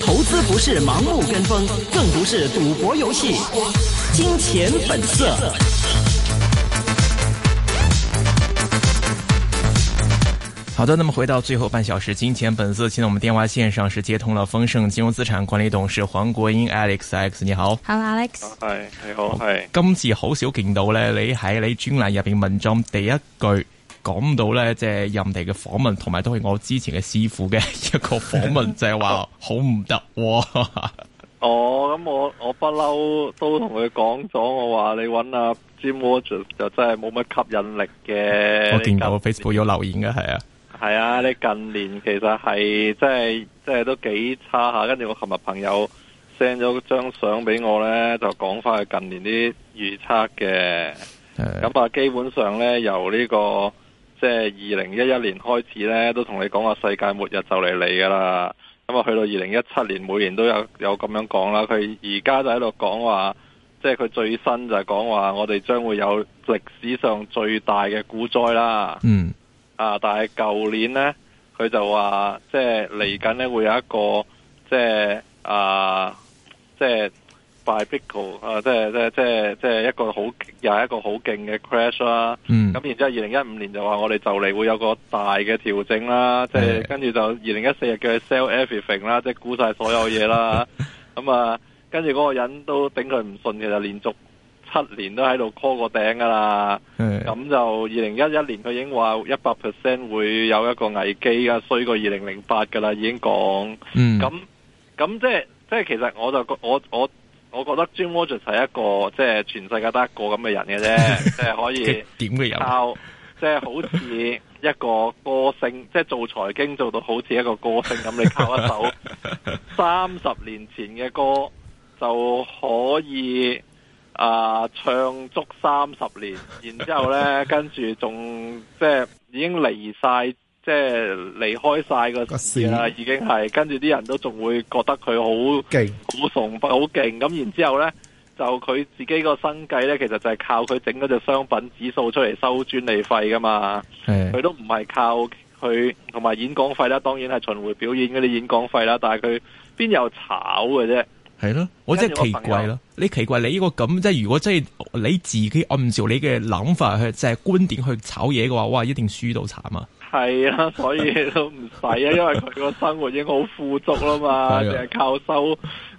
投資不是盲目跟風，更不是賭博遊戲。金錢本色。好的，那麼回到最後半小時，金錢本色。現在我們電話線上是接通了豐盛金融資產管理董事黃國英 Alex Alex，你好。Hello Alex。你好。今次好少見到呢，你喺你專欄入邊文章第一句。講唔到咧，即係任地嘅訪問，同埋都係我之前嘅師傅嘅一個訪問， 就係話 好唔得喎！哦，咁我我不嬲都同佢講咗，我話你搵阿 James 就真係冇乜吸引力嘅。我見到 Facebook 有留言嘅係啊，係啊，你近年其實係即係即係都幾差下，跟住我琴日朋友 send 咗張相俾我咧，就講翻佢近年啲預測嘅。咁啊是，基本上咧由呢、這個。即係二零一一年開始呢，都同你講話世界末日就嚟嚟噶啦。咁啊，去到二零一七年，每年都有有咁樣講啦。佢而家就喺度講話，即係佢最新就係講話，我哋將會有歷史上最大嘅股災啦。嗯。啊！但係舊年呢，佢就話，即係嚟緊咧會有一個，即係啊。大 i c 啊，即係即係即係即係一個好又係一個好勁嘅 crash 啦。咁、嗯、然之後二零一五年就話我哋就嚟會有個大嘅調整啦。即係跟住就二零一四日叫佢 sell everything 啦，即係估晒所有嘢啦。咁啊，跟住嗰個人都頂佢唔順嘅，就連續七年都喺度 call 個頂噶啦。咁就二零一一年佢已經話一百 percent 會有一個危機啊，衰過二零零八噶啦，已經講。咁咁、嗯、即係即係其實我就我我。我我覺得 Jim Rogers 係一個即係、就是、全世界得一個咁嘅人嘅啫，即、就、係、是、可以點嘅人，即、就、係、是、好似一個歌星，即、就、係、是、做財經做到好似一個歌星咁，你靠一首三十年前嘅歌就可以啊、呃、唱足三十年，然之後呢跟住仲即係已經離晒。即係離開晒個市啦、啊，已經係跟住啲人都仲會覺得佢好勁、好崇拜、好勁咁。然之後呢，就佢自己個生計呢，其實就係靠佢整嗰隻商品指數出嚟收專利費噶嘛。佢的都唔係靠佢同埋演講費啦，當然係巡迴表演嗰啲演講費啦。但係佢邊有炒嘅啫？係咯，我真係奇怪咯。你奇怪你呢、呢個咁即係，如果真係你自己按照你嘅諗法去即係觀點去炒嘢嘅話，哇，一定輸到慘啊！係啦、啊，所以都唔使啊，因為佢個生活已經好富足啊嘛，淨係靠收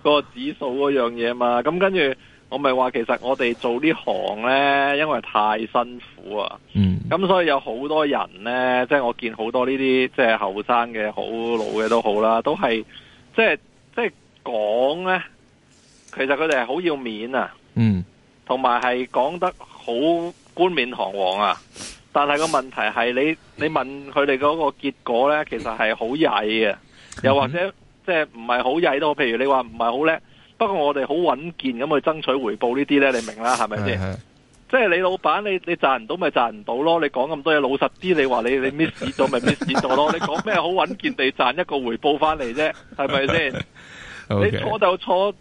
嗰個指數嗰樣嘢嘛。咁跟住我咪話，其實我哋做呢行呢，因為太辛苦啊。嗯。咁所以有好多人呢，即係我見好多呢啲即係後生嘅，好老嘅都好啦，都係即係即係講呢，其實佢哋係好要面啊。嗯。同埋係講得好冠冕堂皇啊。但係個問題係你你問佢哋嗰個結果咧，其實係好曳嘅，又或者即係唔係好曳都，譬如你話唔係好叻。不過我哋好穩健咁去爭取回報這些呢啲咧，你明啦，係咪先？是是。即係李老闆，你你賺唔到咪賺唔到咯？你講咁多嘢，老實啲，你話你你 miss 咗咪 miss 咗咯？你講咩好穩健地賺一個回報翻嚟啫？係咪先？你錯就錯，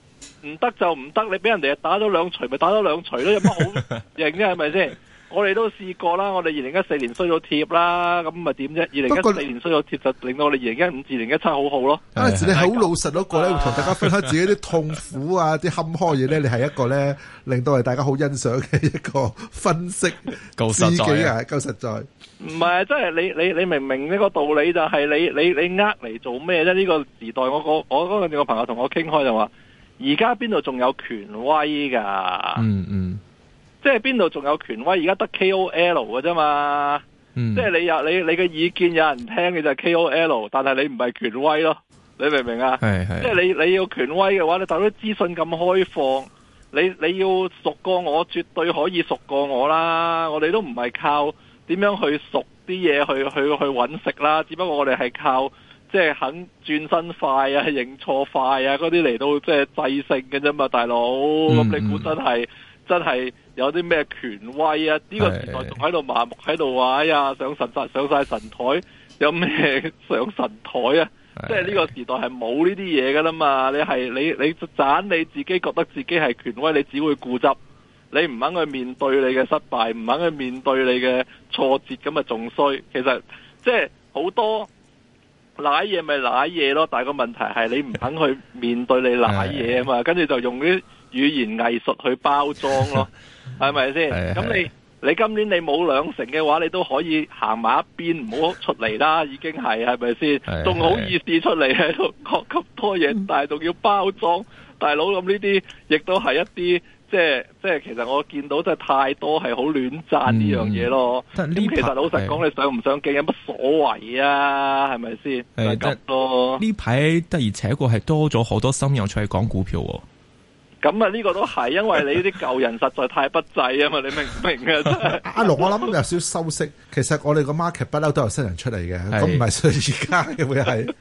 唔得就唔得。你俾人哋打咗兩錘，咪打咗兩錘咯，有乜好認啫？係咪先？我哋都試過啦，我哋二零一四年衰咗貼啦，咁咪點啫？二零一四年衰咗貼就令到我哋二零一五至二零一七好好咯。啊、當時你好老實囉、那個，個咧、啊，同大家分享自己啲痛苦啊，啲、 啊、坎坷嘢咧，你係一個咧令到係大家好欣賞嘅一個分析自己，夠實、啊、實在，夠實在。唔、就、係、係，即係你你你明明呢個道理就係你你你呃嚟做咩啫？呢、呢個時代我個我嗰陣時個朋友同我傾開就話，而家邊度仲有權威噶、嗯？嗯嗯。即係邊度仲有權威？而家得 KOL 嘅啫嘛，嗯、即係你有你你嘅意見有人聽嘅就係 KOL，但係你唔係權威咯，你明唔明啊？係係，即係你你要權威嘅話，你大佬資訊咁開放，你你要熟過我，絕對可以熟過我啦。我哋都唔係靠點樣去熟啲嘢，去去去揾食啦，只不過我哋係靠即係肯轉身快啊、認錯快啊嗰啲嚟到即係制勝嘅啫嘛，大佬。咁、嗯、你估真係。真係有啲咩權威啊！呢個時代仲喺度麻木喺度話呀，上神晒上晒神台，有咩上神台啊？的即係呢個時代係冇呢啲嘢噶啦嘛！你係你你掟你，你自己覺得自己係權威，你只會固執，你唔肯去面對你嘅失敗，唔肯去面對你嘅挫折，咁啊仲衰。其實即係好多瀨嘢咪瀨嘢咯，但係個問題係你唔肯去面對你瀨嘢啊嘛，跟住的就用啲。語言藝術去包裝咯，係咪先？咁你你今年你冇兩成嘅話，你都可以行埋一邊，唔好出嚟啦，已經係，係咪先？仲好意思出嚟喺度學咁多嘢，但係仲要包裝，大佬咁呢啲，亦都係一啲即係即係，其實我見到真係太多係好亂讚呢樣嘢咯。咁其實老實講，你上唔上鏡有乜所謂啊？係咪先？係咁咯。呢排得而且過係多咗好多新人出嚟講股票。咁啊，呢個都係，因為你啲舊人實在太不濟啊嘛，你明唔明啊？阿龍，我諗有少少修飾，其實我哋個 market 不嬲都有新人出嚟嘅，咁唔係所以而家會係誒、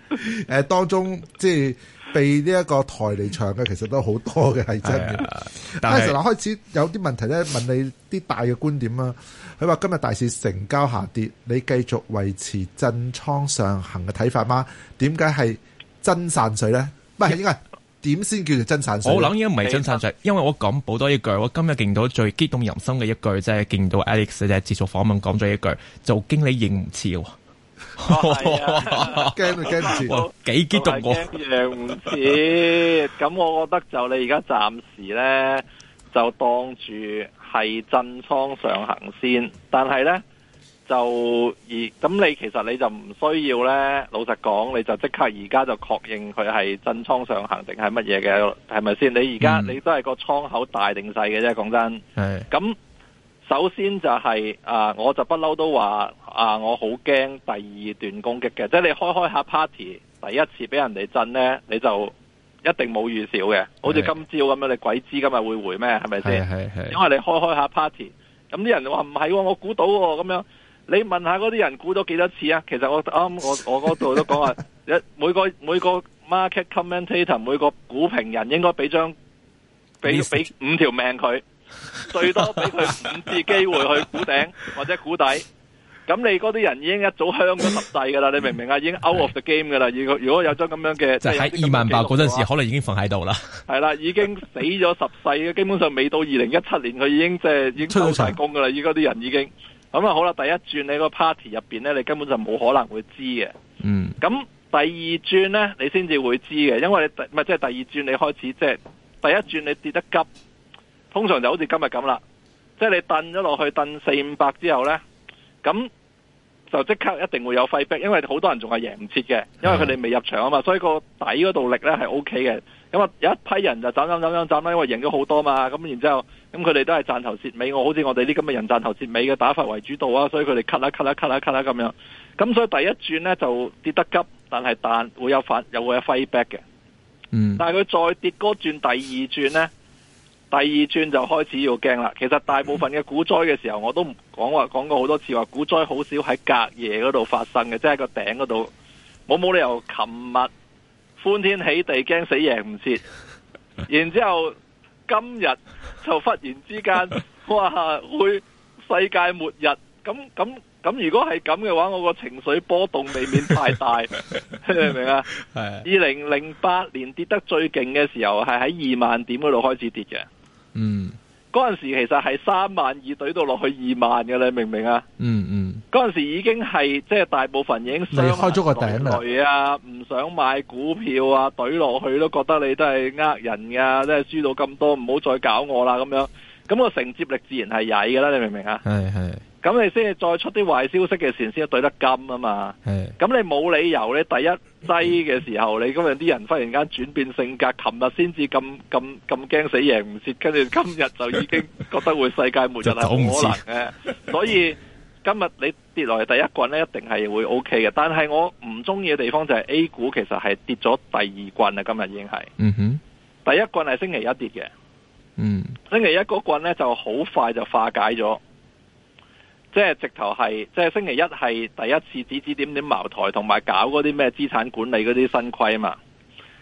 呃、當中即係被呢一個台嚟場嘅，其實都好多嘅係真嘅、啊。但成嗱，開始有啲問題咧，問你啲大嘅觀點啊。佢話今日大市成交下跌，你繼續維持震倉上行嘅睇法嗎？點解係真散水咧？唔係應該。點先叫做真散？我諗應該唔係真散就係因為我講補多一句，我今日見到最激動人心嘅一句，即係見到 Alex 嘅接受訪問講咗一句，做經理贏唔切？驚，驚贏唔切？幾激動我？贏唔切？咁我覺得就你而家暫時咧，就當住係震倉上行先，但係咧。就而咁，你其實你就唔需要呢。老實講，你就即刻而家就確認佢係震倉上行定係乜嘢嘅？係咪先？你而家、嗯、你都係個倉口大定細嘅啫。講真，咁是，首先就係、是、啊，我就不嬲都話啊，我好驚第二段攻擊嘅。即係你開開下 party，第一次俾人哋震呢，你就一定冇預兆嘅。好似今朝咁樣，是你鬼知今日會回咩？係咪先？因為你開開下 party，咁啲人話唔係，我估到咁、哦、樣。你問下嗰啲人估咗幾多次啊？其實我啱我我嗰度都講話，一每個每個 market commentator 每個股評人應該俾張俾俾五條命佢，最多俾佢五次機會去估頂或者估底。咁你嗰啲人已經一早香咗十世㗎啦！你明唔明啊？已經 out of the game 㗎啦！如果如果有張咁樣嘅，就喺二萬八嗰陣時，可能已經瞓喺度啦。係啦，已經死咗十世嘅，基本上未到二零一七年，佢已經即係已經收晒工㗎啦。依家啲人已經。咁啊好啦，第一轉你個 party 入面呢，你根本就冇可能會知嘅。嗯。咁第二轉呢，你先至會知嘅，因為你第唔係即係第二轉你開始即係、就是、第一轉你跌得急，通常就好似今日咁啦，即、就、係、是、你掟咗落去掟四五百之後呢，咁就即刻一定會有廢壁，因為好多人仲係贏唔切嘅，因為佢哋未入場啊嘛，所以個底嗰度力呢係 O K 嘅。咁啊，有一批人就斬斬斬斬斬啦，因為贏咗好多嘛。咁然之後，咁佢哋都係賺頭蝕尾。好，我好似我哋呢啲咁嘅人賺頭蝕尾嘅打法為主導啊，所以佢哋 cut 啦 cut 啦 cut 啦 cut 啦咁樣。咁所以第一轉呢就跌得急，但係但會有反，又會有 fight back 嘅。嗯、但係佢再跌多轉，第二轉呢，第二轉就開始要驚啦。其實大部分嘅股災嘅時候，我都唔講話講過好多次話，股災好少喺隔夜嗰度發生嘅，即係個頂嗰度。冇冇理由琴日、啊。歡天喜地，驚死贏唔切，然之後今日就忽然之間，哇，會世界末日，咁咁咁，咁咁如果係咁嘅話，我個情緒波動未免太大， 你明唔明啊？二零零八年跌得最勁嘅時候，係喺二萬點嗰度開始跌嘅，嗯。嗰陣時其實係三萬二懟到落去二萬嘅，你明唔明啊？嗯嗯，嗰陣時已經係即係大部分已經未開咗個頂底啊，唔想買股票啊，懟落去都覺得你都係呃人噶，即係輸到咁多，唔好再搞我啦咁樣。咁個承接力自然係曳噶啦，你明唔明啊？係係、哎。哎咁你先至再出啲壞消息嘅時，先對得金啊嘛。咁是你冇理由咧，第一低嘅時候，你咁樣啲人忽然間轉變性格，琴日先至咁咁咁驚死贏，贏唔切，跟住今日就已經覺得會世界末日好可能嘅。所以今日你跌落嚟第一棍呢，一定係會 O K 嘅。但係我唔中意嘅地方就係 A 股，其實係跌咗第二棍啊。今日已經係，嗯、哼第一棍係星期一跌嘅，嗯、星期一嗰棍呢，就好快就化解咗。即係直頭係，即係星期一係第一次指指點點茅台，同埋搞嗰啲咩資產管理嗰啲新規嘛。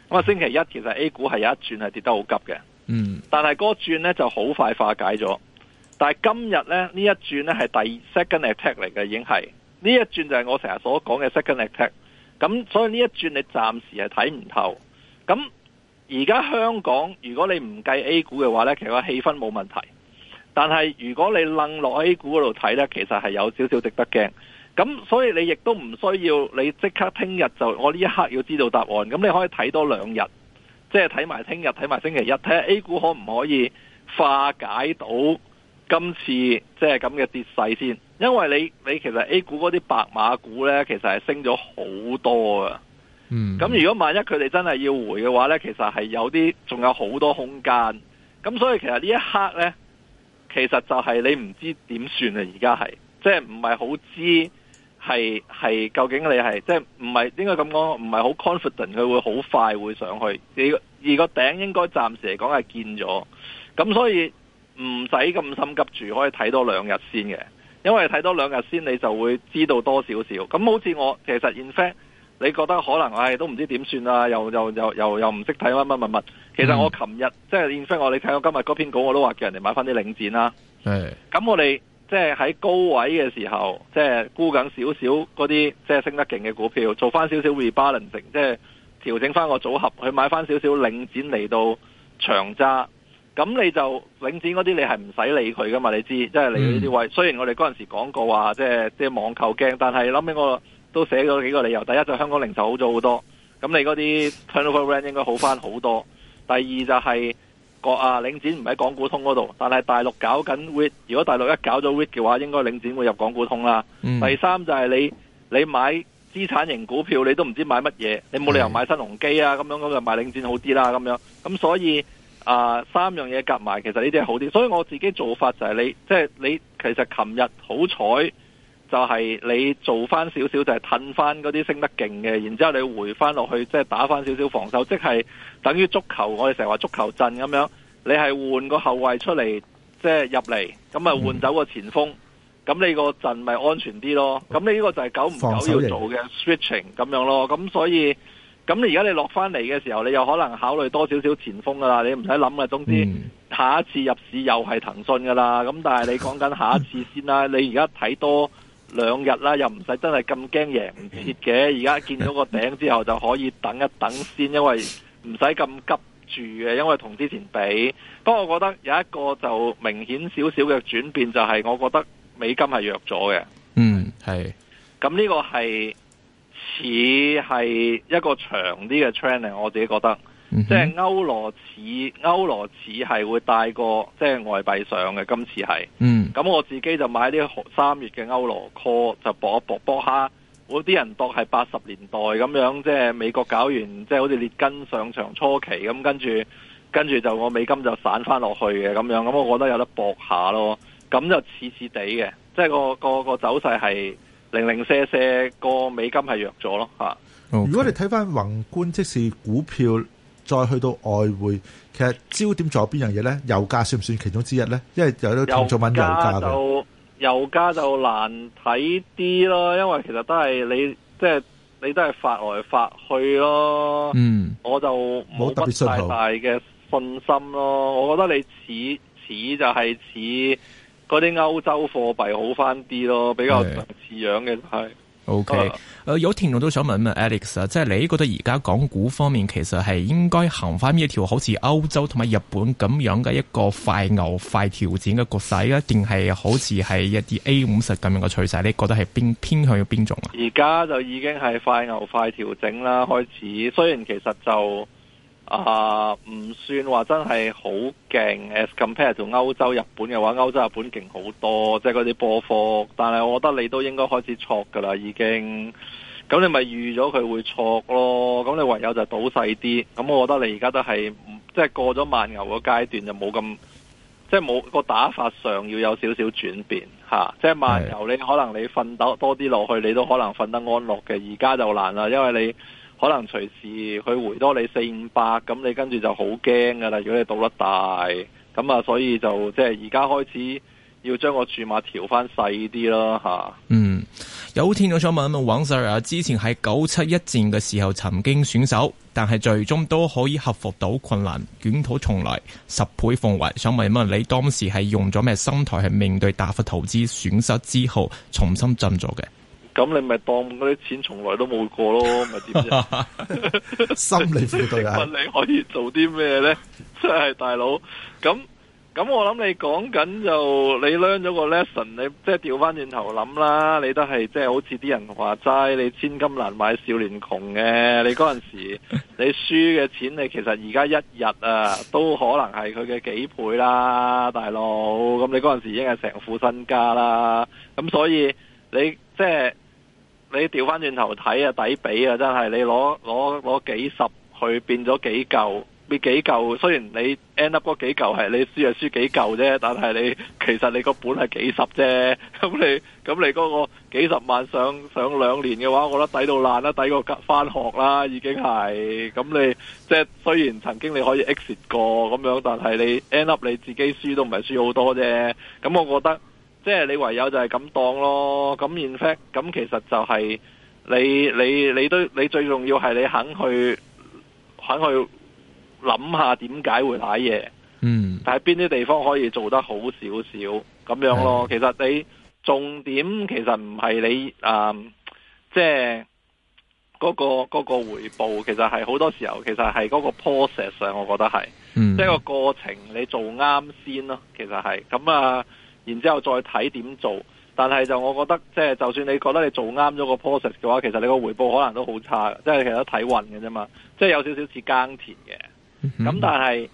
咁啊，星期一其實 A 股係有一轉係跌得好急嘅，嗯。但係嗰個轉咧就好快化解咗。但係今日咧呢呢一轉咧係第二 second attack 嚟嘅，已經係呢一轉就係我成日所講嘅 second attack。咁所以呢一轉你暫時係睇唔透。咁而家香港如果你唔計 A 股嘅話咧，其實個氣氛冇問題。但係如果你愣落 A 股嗰度睇呢，其實係有少少值得驚。咁所以你亦都唔需要你即刻聽日就我呢一刻要知道答案。咁你可以睇多兩日，即係睇埋聽日，睇埋星期一，睇下 A 股可唔可以化解到今次即係咁嘅跌勢先。因為你你其實 A 股嗰啲白馬股呢，其實係升咗好多啊。咁、嗯、如果萬一佢哋真係要回嘅話呢，其實係有啲仲有好多空間。咁所以其實呢一刻呢。其實就係你唔知點算啊！而家係，即係唔係好知係係究竟你係，即係唔係應該咁講，唔係好 confident 佢會好快會上去而，而個頂應該暫時嚟講係見咗，咁所以唔使咁心急住，可以睇多兩日先嘅。因為睇多兩日先，你就會知道多少少。咁好似我其實 in fact。你覺得可能唉都唔知點算啊？又又又又唔識睇乜乜物物。其實我琴日、嗯、即係 i n 我，你睇我今日嗰篇稿，我都話叫人哋買翻啲領展啦。咁、嗯、我哋即係喺高位嘅時候，即係沽緊少少嗰啲即係升得勁嘅股票，做翻少少 rebalancing 即係調整翻個組合，去買翻少少領展嚟到長揸。咁你就領展嗰啲你係唔使理佢噶嘛？你知即係你呢啲位。嗯、雖然我哋嗰陣時講過話，即係即係網購驚，但係諗起我。都寫咗幾個理由，第一就香港零售好咗好多，咁你嗰啲 turnover rent 應該好翻好多。第二就係個啊領展唔喺港股通嗰度，但係大陸搞緊 REIT 如果大陸一搞咗 REIT 嘅話，應該領展會入港股通啦。嗯、第三就係你你買資產型股票，你都唔知買乜嘢，你冇理由買新鴻基啊咁樣，咁就買領展好啲啦咁樣。咁所以啊、呃、三樣嘢夾埋，其實呢啲係好啲。所以我自己做法就係你即係、就是、你其實琴日好彩。就係你做翻少少，就係褪翻嗰啲升得勁嘅，然之後你回翻落去，即係打翻少少防守，即係等於足球，我哋成日話足球陣咁樣，你係換個後衛出嚟，即、就、係、是、入嚟，咁咪換走前鋒、嗯、個前鋒，咁你個陣咪安全啲咯。咁你呢個就係久唔久要做嘅 switching 咁樣咯。咁所以，咁你而家你落翻嚟嘅時候，你又可能考慮多少少前鋒噶啦，你唔使諗喇，總之下一次入市又係騰訊噶啦。咁但係你講緊下一次先啦。你而家睇多。兩日啦，又唔使真係咁驚贏唔切嘅。而家見到個頂之後，就可以等一等先，因為唔使咁急住嘅。因為同之前比，不過我覺得有一個就明顯少少嘅轉變，就係、是、我覺得美金係弱咗嘅。嗯，係。咁呢個係似係一個長啲嘅 training，我自己覺得。嗯、即係歐羅似，歐羅似係會帶過即係外幣上嘅，今次係。嗯。咁我自己就買啲三月嘅歐羅 call，就搏一搏，搏下。我啲人度係八十年代咁樣，即係美國搞完，即係好似列根上場初期咁，跟住跟住就我美金就散翻落去嘅咁樣。咁我覺得有得搏下咯。咁就似似地嘅，即係個個個走勢係零零舍舍，個美金係弱咗咯嚇。Okay. 如果你睇翻宏觀，即是股票。再去到外匯，其實焦點仲有邊樣嘢呢？油價算唔算其中之一呢？因為有啲投做緊油價油價就，就難難睇啲咯，因為其實都係你即係、就是、你都係發來發去咯。嗯，我就冇乜大大嘅信心咯。我覺得你似似就係似嗰啲歐洲貨幣好翻啲咯，比較似樣嘅係、就是。O K，誒有聽眾都想問問 Alex 啊，即係你覺得而家港股方面其實係應該行翻呢條好似歐洲同埋日本咁樣嘅一個快牛快調整嘅局勢咧，定係好似係一啲 A 五十咁樣嘅趨勢？你覺得係偏偏向於邊種啊？而家就已經係快牛快調整啦，開始雖然其實就。啊，唔、uh, 算話真係好勁。As compared to 歐洲、日本嘅話，歐洲、日本勁好多，即係嗰啲波幅。但係我覺得你都應該開始錯噶啦，已經。咁你咪預咗佢會錯咯。咁你唯有就賭細啲。咁我覺得你而家都係，即、就、係、是、過咗慢牛個階段就冇咁，即係冇個打法上要有少少轉變吓。即、啊、係、就是、慢牛你，是的 你可能你瞓得多啲落去，你都可能瞓得安樂嘅。而家就難啦，因為你。可能隨時佢回多你四五百，咁你跟住就好驚噶啦。如果你賭得大，咁啊，所以就即係而家開始要將個注碼調翻細啲咯，吓，嗯，有天我想問一問黃 Sir 啊，之前喺九七一戰嘅時候曾經損手，但係最終都可以克服到困難，捲土重來，十倍奉還。想問一問你當時係用咗咩心態去面對大幅投資損失之後，重新振作嘅？咁你咪當嗰啲錢從來都冇過咯，咪點啫？ 心理輔導啊，你可以做啲咩呢？即係大佬，咁咁我諗你講緊就你 learn 咗個 lesson，你即係掉翻轉頭諗啦，你都係即係好似啲人話齋，你千金難買少年窮嘅。你嗰陣時你輸嘅錢，你其實而家一日啊都可能係佢嘅幾倍啦，大佬。咁你嗰陣時已經係成副身家啦，咁所以你即係。你掉返轉頭睇啊，抵比啊，真係你攞攞攞幾十去變咗幾嚿，變幾嚿。雖然你 end up 嗰幾嚿係你輸啊輸幾嚿啫，但係你其實你個本係幾十啫。咁你咁你嗰個幾十萬上上兩年嘅話，我覺得抵到爛啦，抵過返學啦，已經係。咁你即係雖然曾經你可以 exit 過咁樣，但係你 end up 你自己輸都唔係輸好多啫。咁我覺得。即係你唯有就係咁當咯，咁 in fact 咁其實就係你你你都你最重要係你肯去肯去諗下點解會瀨嘢，嗯，但係邊啲地方可以做得好少少咁樣咯。嗯、其實你重點其實唔係你誒、嗯，即係嗰個嗰個回報，其實係好多時候其實係嗰個 process 上，我覺得係，嗯、即係個過程你做啱先咯。其實係咁啊。然之後再睇點做，但係就我覺得，即、就、係、是、就算你覺得你做啱咗個 process 嘅話，其實你個回報可能都好差，即係其實都睇運嘅啫嘛。即係有少少似耕田嘅，咁、嗯、哼但係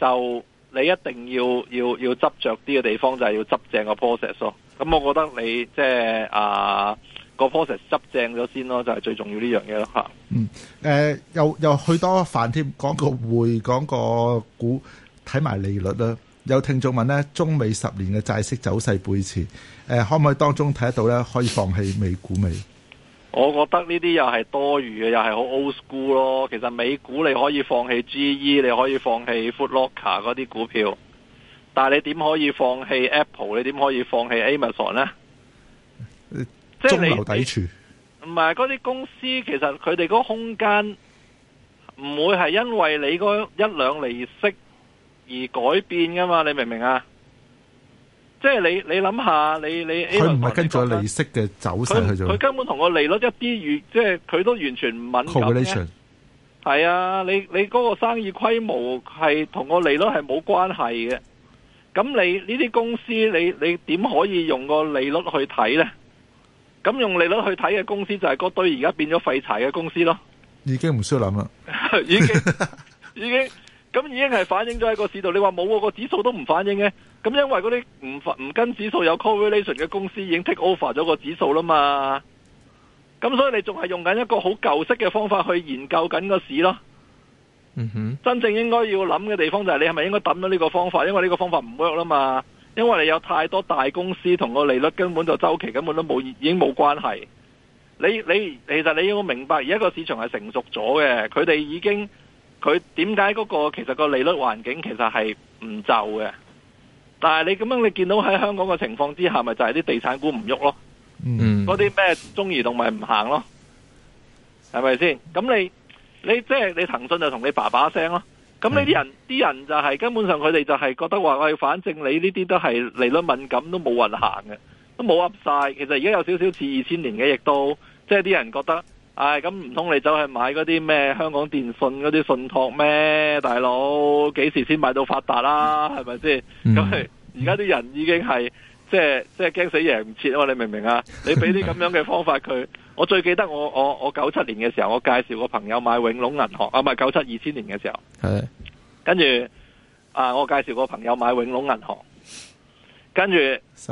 就你一定要要要執着啲嘅地方就係要執正個 process 咯、啊。咁、啊、我覺得你即係啊、這個 process 執正咗先咯，就係、是、最重要呢樣嘢咯嚇。啊、嗯，誒、呃、又又去多飯添，講個匯，講個股，睇埋利率啦。有聽眾問中美十年嘅債息走勢背馳，誒，可唔可以當中睇到可以放棄美股未？我覺得呢啲又係多餘嘅，又係好 old school 咯。其實美股你可以放棄 GE，你可以放棄 Foot Locker 嗰啲股票，但係你點可以放棄 Apple？你點可以放棄 Amazon 呢？即係中流砥柱。唔係嗰啲公司，其實佢哋嗰空間唔會係因為你嗰一兩利息，而改變噶嘛？你明唔明啊？即係你你諗下，你你佢唔係跟咗利息嘅走勢去，佢根本同個利率一啲，即係佢都完全唔敏感。係 operation 啊，你你嗰個生意規模係同個利率係冇關係嘅。咁你呢啲公司，你你點可以用個利率去睇呢？咁用利率去睇嘅公司就係嗰堆而家變咗廢柴嘅公司咯。已經唔需要諗啦 已經已經。咁已經係反映咗喺個市度，你話冇個個指數都唔反映嘅，咁因為嗰啲唔唔跟指數有 correlation 嘅公司已經 take over 咗個指數啦嘛。咁所以你仲係用緊一個好舊式嘅方法去研究緊個市咯。嗯哼，真正應該要諗嘅地方就係你係咪應該抌咗呢個方法？因為呢個方法唔 work 啦嘛。因為你有太多大公司同個利率根本就周期根本都冇已經冇關係。你你其實你要明白而家個市場係成熟咗嘅，佢哋已經。佢點解嗰個其實個利率環境其實係唔就嘅？但係你咁樣你見到喺香港嘅情況之下，咪就係、是、啲地產股唔喐咯？嗯，嗰啲咩中移動咪唔行咯？係咪先？咁你你即係、就是、你騰訊就同你爸爸聲咯？咁呢啲人啲、mm. 人就係、是、根本上佢哋就係覺得話喂，反正你呢啲都係利率敏感，都冇運行嘅，都冇噏晒。其實而家有少少似二千年嘅，亦都即係啲人覺得。唉，咁唔通你走去買嗰啲咩香港電訊嗰啲信託咩，大佬？幾時先買到發達啦，啊？係咪先？咁而家啲人已經係即係即係驚死贏唔切啊嘛！你明唔明啊？ 你俾啲咁樣嘅方法佢，我最記得我我我九七年嘅時候，我介紹個朋友買永隆銀行啊，唔係九七二千年嘅時候。係的。跟住啊，我介紹個朋友買永隆銀行，跟住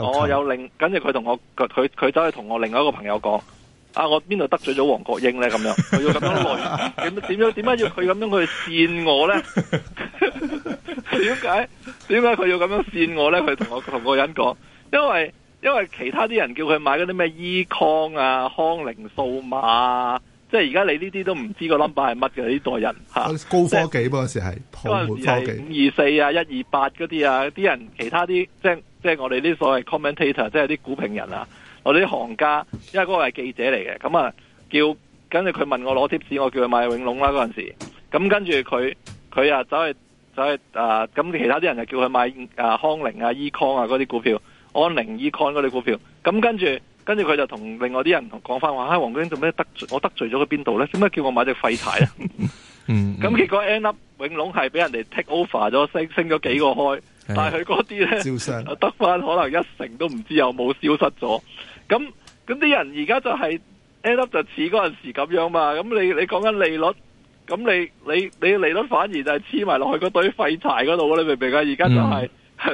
我有另，跟住佢同我佢佢佢走去同我另外一個朋友講。啊！我邊度得罪咗黃國英咧？咁樣佢要咁樣累點點樣點解要佢咁樣去扇我咧？點解點解佢要咁樣扇我咧？佢同我同個人講，因為因為其他啲人叫佢買嗰啲咩依康寧數碼啊康寧數碼，即係而家你呢啲都唔知個 number 係乜嘅呢代人嚇。高科技嗰陣即時係泡沫科技五二四啊一二八嗰啲啊，啲人其他啲即係即係我哋啲所謂 commentator，即係啲股評人啊。我哋啲行家，因為嗰個係記者嚟嘅，咁啊叫跟住佢問我攞貼士，我叫佢買永隆啦嗰陣時，咁跟住佢佢啊走去走去啊，咁、呃、其他啲人就叫佢買、呃、康寧啊康寧、e、啊 Econ 啊嗰啲股票，安寧 Econ 嗰啲股票，咁、嗯、跟住跟住佢就同另外啲人講翻話：，哈、哎，黃國英做咩得罪我得罪咗佢邊度咧？點解叫我買隻廢柴咧？咁、 嗯嗯、結果 end up 永隆係俾人哋 take over 咗，升升咗幾個開，嗯、但係佢嗰啲咧得翻可能一成都唔知有冇消失咗。咁咁啲人而家就係 end up 就似嗰陣時咁樣嘛，咁你你講緊利率，咁你你你利率反而就係黐埋落去個堆廢柴嗰度，你明唔明啊？而家就係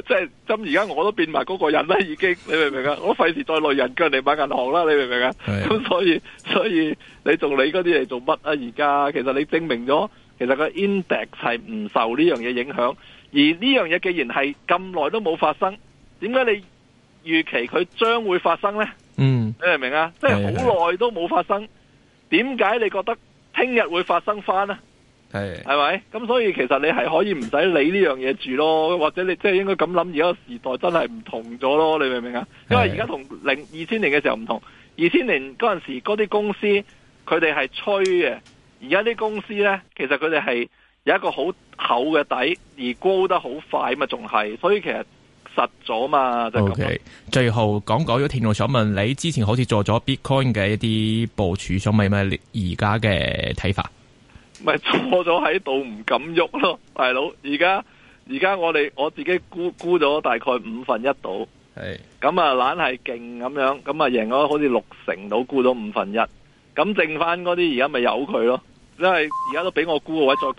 即係咁，而家、嗯 就是、我都變埋嗰個人啦，已經，你明唔明啊？我費事再累人，叫人哋買銀行啦，你明唔明啊？咁的所以所以你做你嗰啲嚟，做乜啊？而家其實你證明咗，其實個 index 係唔受呢樣嘢影響，而呢樣嘢既然係咁耐都冇發生，點解你預期佢將會發生咧？你明唔明啊？即係好耐都冇發生，點解的你覺得聽日會發生翻呢？係係咪？咁所以其實你係可以唔使理呢樣嘢住咯，或者你即係應該咁諗，而家個時代真係唔同咗咯。你明唔明啊？因為而家同零二千年嘅時候唔同，二千年嗰陣時嗰啲公司佢哋係吹嘅，而家啲公司呢，其實佢哋係有一個好厚嘅底而高得好快，嘛，啊仲係，所以其實。實咗嘛，就係咁。O、OK, K，最後講講咗，聽眾想問你之前好似做咗 Bitcoin 嘅一啲部署，想問咪而家嘅睇法？咪坐咗喺度唔敢喐咯，大佬！而家而家我哋我自己沽沽咗大概五分一到係咁啊，懶係勁咁樣，咁啊贏咗好似六成到，沽咗五分一，咁剩翻嗰啲而家咪由佢咯，因為而家都俾我沽嘅位置再。